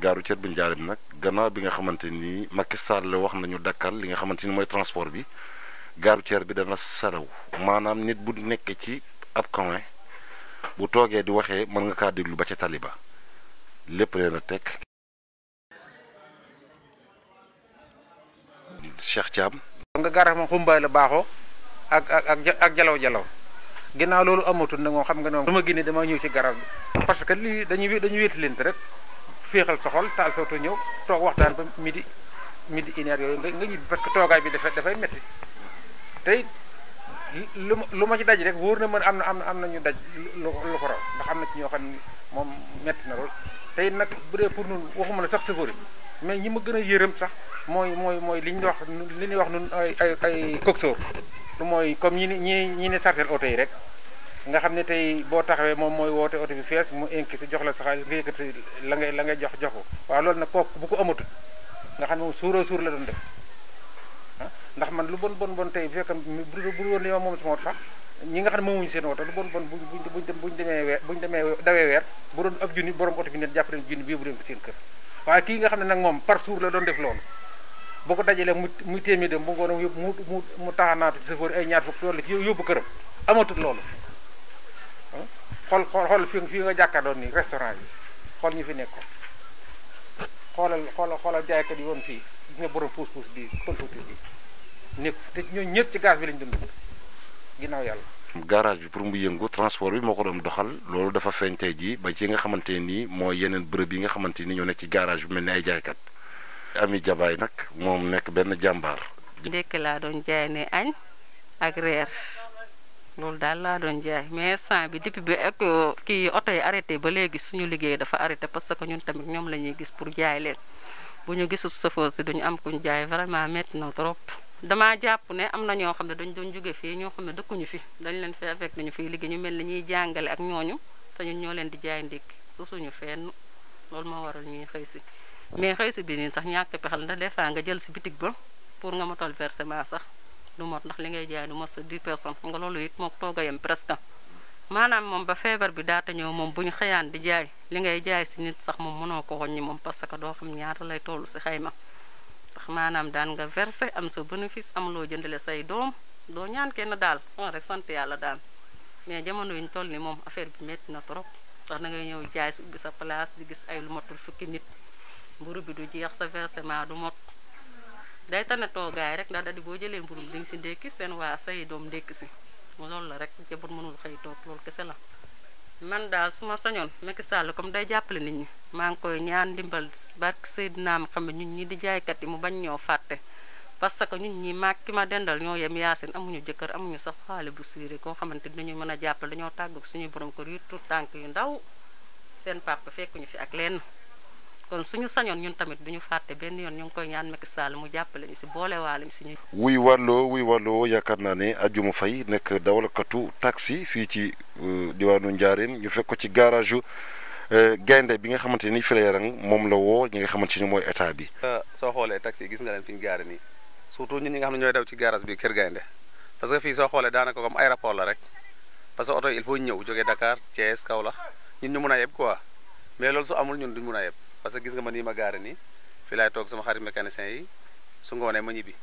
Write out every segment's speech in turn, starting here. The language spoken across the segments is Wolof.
gare routière bu Njaaréem nag gannaaw bi nga xamante ni Macky Sall wax nañu dakkal li nga xamante ni mooy transport bi gare routière bi dana salaw maanaam nit bu nekk ci ab coin bu toogee di waxee mën nga kaa déglu ba ca taliba lépp leen a teg. Cheikh Thiam. nga gaar xam xumbaay la baaxoo ak ak ak ak jalaw jalaw ginnaaw loolu amatul nag moom xam nga ne moom. dama génne dama ñëw ci garab parce que lii dañuy dañuy wétali leen rek. féexal soxool xol taal sa oto ñëw toog waxtaan ba midi midi une yooyu nga nga ñibbi parce que toogaay bi dafa dafay métti tey lu ma lu ma ci daj rek wóor na mën am na am na am na ñu daj lu ko raw ndax am na ci ñoo xam ne moom métti na lool tey nag bu dee pour ñun waxuma la sax safari mais ñi ma gën a yërëm sax mooy mooy mooy li ñu wax ñuy wax nun ay ay ay mooy comme ñi ni ñi ñi ni sartel oto yi rek nga xam ne tey boo taxawee moom mooy woote oto bi fees mu inki si jox la sa xaalis nga la ngay la ngay jox jox ko waaw nag kooku bu ko amatul nga xam ne moom suuroo suur la doon def ah ndax man lu bon bon bon tey bu fekkee bu dul woon yow moom sax ñi nga xam ne moomuñu seen oto lu bon bon buñ buñ buñ demee weer buñ demee dawee weer bu doon borom oto bi neen jàpp leen junni bii bu doon ko seen kër kii nga xam ne nag moom par suur la doon def loolu boo ko dajalee mu muy téeméer dem bu ngoon mu mu mu taxanaatu ci sa ay ñaar fukk loolu yóbbu këram amatul loolu xool xool xool fi fii nga jàkkaarloon nii restaurant bi xool ñu fi nekk xoolal xoolal xoolal jaaykat yi fii bi pëlfautur bi nekk te ñooñu ñëpp ci gaz bi lañ dund ginnaaw yàlla garage bi pour mu yëngu transport bi moo ko doon doxal loolu dafa feeñ tey jii ba ci nga xamante nii mooy yeneen bërëb yi nga xamante ni ñoo nekk ci garage bi mel ni ay jaaykat ami jabaay nag moom nekk benn jàmbaar ndekk laa doon jaay ne añ ak reer loolu daal laa doon jaay mais sant bi depuis bi ak kii oto yi arrêté ba léegi suñu liggéey dafa arrêté parce que ñun tamit ñoom la ñuy gis pour jaay leen bu ñu gisul chauffeur si duñu am ñu jaay vraiment métti na trop. damaa jàpp ne am na ñoo xam ne dañu doon jóge fii ñoo xam ne dëkkuñu fi dañu leen fee fekk nañu fii liggéey ñu mel ni ñuy jàngale ak ñooñu te ñun ñoo leen di jaay ndékki su suñu fenn loolu moo waral ñuy xëy si mais xëy si bi nii sax ñàkk pexal ndax des nga jël si bitig ba pour nga motal versement sax. du mot ndax li ngay jaay du mot sa 10 personnes xam nga loolu it moom toog a yem presque maanaam moom ba feebar bi daata ñëw moom bu ñu xëyaan di jaay li ngay jaay si nit sax moom mënoo ko woññi moom parce que doo xam ñaata lay toll si xayma ndax maanaam daan nga versé am sa bénéfice am loo jëndale say doom doo ñaan kenn daal on rek sant yàlla daal mais jamono yi ñu toll ni moom affaire bi métti na trop ndax da ngay ñëw jaay si ubbi sa place di gis ay lu matul fukki nit mburu bi du jeex sa du mot day tane toogaay rek da da di boo jëlee mburu mi di nga si ndékki seen waa say doom ndékki si loolu la rek jabar mënul xëy toog lool kese la man daal suma sañoon Macky Sall comme day jàppale nit ñi maa ngi koy ñaan ndimbal barke Seydina Muhammad ñun ñi di jaaykat yi mu bañ ñoo fàtte parce que ñun ñi maag ki ma dendal ñoo yem yaasin amuñu jëkkër amuñu sax xaale bu siiré koo xamante dañuy mën a jàppale dañoo tàggu suñuy borom kër yu tur tànk yu ndaw seen papa ñu fi ak lenn kon suñu sañoon ñun tamit duñu fàtte benn yoon ñu ngi koy ñaan Macky Sall mu jàppale ñu si boolewaale ñu suñuy. wuy wàlloo wuy wàlloo naa ne Adiouma Faye nekk dawalkatu taxi fii ci euh, diwaanu Njaareem ñu fekko ko ci garage yu euh, gaynde bi nga xamante ni Fileyrang moom la woo ñi nga xamante ni mooy état bi. Euh, soo xoolee taxi gis nga leen fi ñu gaare nii surtout ñun ñi nga xam ne ñooy daw ci garage bi Kër Gaynde parce que fii soo xoolee daanaka comme aéroport la rek parce que oto il faut ñëw jógee dakaar Thiès Kaolack ñun ñu mun a yeb quoi mais loolu su amul ñun duñ mun a yeb parce que gis nga ma nii ma gaara nii fi laay toog sama xarit mécanicien yi su ngoonee ma ñibbi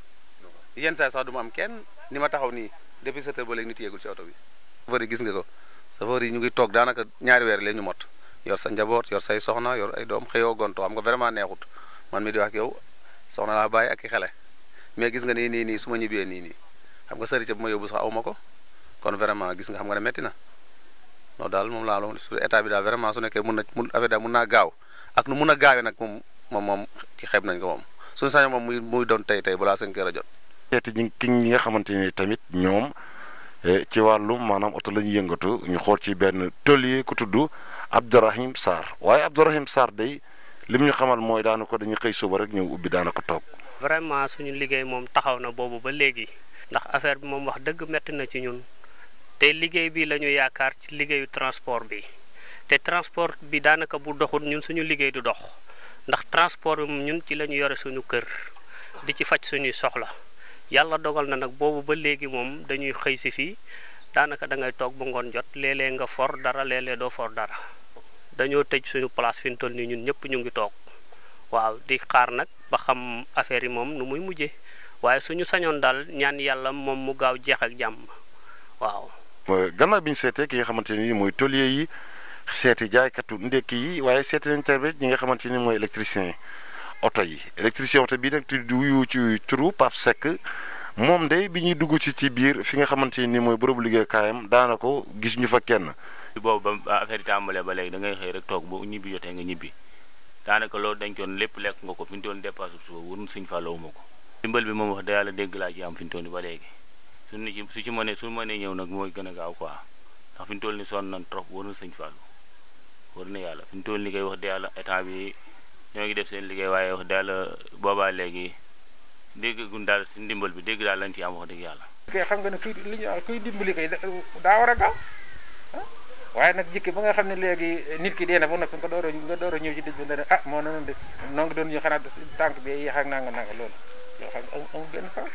yenn saa sax du ma am kenn ni ma taxaw nii depuis sept heures ba léegi nit yeegul ci oto bi. safar yi gis nga ko safar yi ñu ngi toog daanaka ñaari weer leen ñu mot yor sa njaboot yor say soxna yor ay doom xëyoo gonto xam nga vraiment neexut man mi di wax ak yow soxna laa bàyyi ak i xele mais gis nga nii nii nii su ma ñibbee nii nii xam nga sëriñ bu ma yobu sax aw ma ko kon vraiment gis nga xam nga ne metti na. loolu daal moom laa loolu su état bi daal vraiment su nekkee mun na mun affaire daal mun naa gaaw ak nu mun a gaawee nag moom moom moom xeeb nañ ko moom suñu moom muy muy doon tey tey balaa cinq heures a jot. seeti ñi nga xamante ni tamit ñoom eh, ci wàllum maanaam oto la ñuy yëngatu ñu xool ci benn tôlier ku tudd Abdourahim saar waaye Abdourahim Sarr day lim ñu xamal mooy daana ko dañuy xëy suba rek ñëw ubbi daana ko toog. vraiment suñu liggéey moom taxaw na boobu ba léegi ndax affaire bi moom wax dëgg metti na ci ñun. te liggéey bi la ñu yaakaar ci liggéeyu transport bi te transport bi daanaka bu doxul ñun suñu liggéey du dox ndax transport bi ñun ci la yore suñu kër di ci faj suñuy soxla yàlla dogal na nag boobu ba léegi moom dañuy xëy si fii daanaka da ngay toog bu ngoon jot léeg nga for dara léeg-léeg doo for dara dañoo tëj suñu place fi ñu toll nii ñun ñëpp ñu ngi toog waaw di xaar nag ba xam affaire yi moom nu muy mujje waaye suñu sañoon daal ñaan yàlla moom mu gaaw jeex ak jàmm Euh, gannaaw bi ñu seetee ki nga xamante ni mooy tôlier yi seeti jaaykatu ndekk yi waaye seeti nañ ñi nga xamante ni mooy électricien oto yi électricien oto bii nag di wuyu ci turu Pape Seck moom de bi ñuy dugg ci ci biir fi nga xamante ni mooy bërëbu liggéeyukaayam daana ko gis ñu fa kenn. boobu ba affaire yi tàmbalee ba léegi da xëy rek toog bu ñibbi jotee nga ñibbi daanaka loolu dencoon lépp lekk nga ko fi ñu doon dépassé suba wóor na Sëñ Fallou ma ko. dimbal bi moom wax yàlla dégg laa ci am fi ñu doon ba léegi. suñu ci su ci mënee su mënee ñëw nag mooy gën a gaaw quoi ndax fi ñu ni soon nañ trop war na sëñ Fallou war na yàlla fi ñu toll ni koy wax de yàlla état bi ñoo ngi def seen liggéey waaye wax de yàlla boobaa léegi dégg gun daal si ndimbal bi dégg daal lañ ci am wax dëgg yàlla. kay xam nga ne kuy dimbali kay daa war a gaaw waaye nag jikki ba nga xam ne léegi nit ki dee na ba noppi nga door a nga ñëw ci dëj bi ne ah moo na noonu de noo ngi doon ñu xanaa